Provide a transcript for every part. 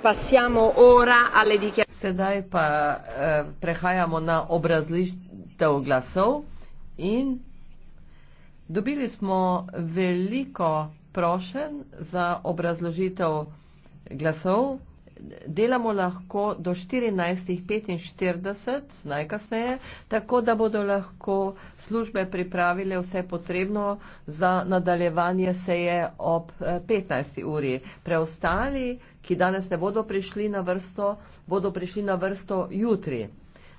passiamo ora alle dichiarazioni. Sedaj pa eh, prehajamo na obrazlitev glasov in dobili smo veliko prošen za obrazložitev glasov delamo lahko do 14.45 najkasneje, tako da bodo lahko službe pripravile vse potrebno za nadaljevanje seje ob 15. Eh, uri. Preostali, ki danes ne bodo prišli na vrsto, bodo prišli na vrsto jutri.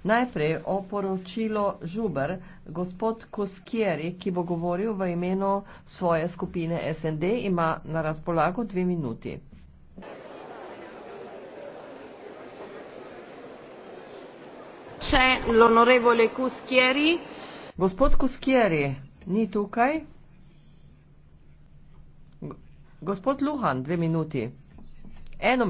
Najprej oporočilo Žuber, gospod Koskieri, ki bo govoril v imenu svoje skupine SND, ima na razpolago dve minuti. Gospod Kuskieri, ni tukaj. Gospod Luhan, dve minuti. Eno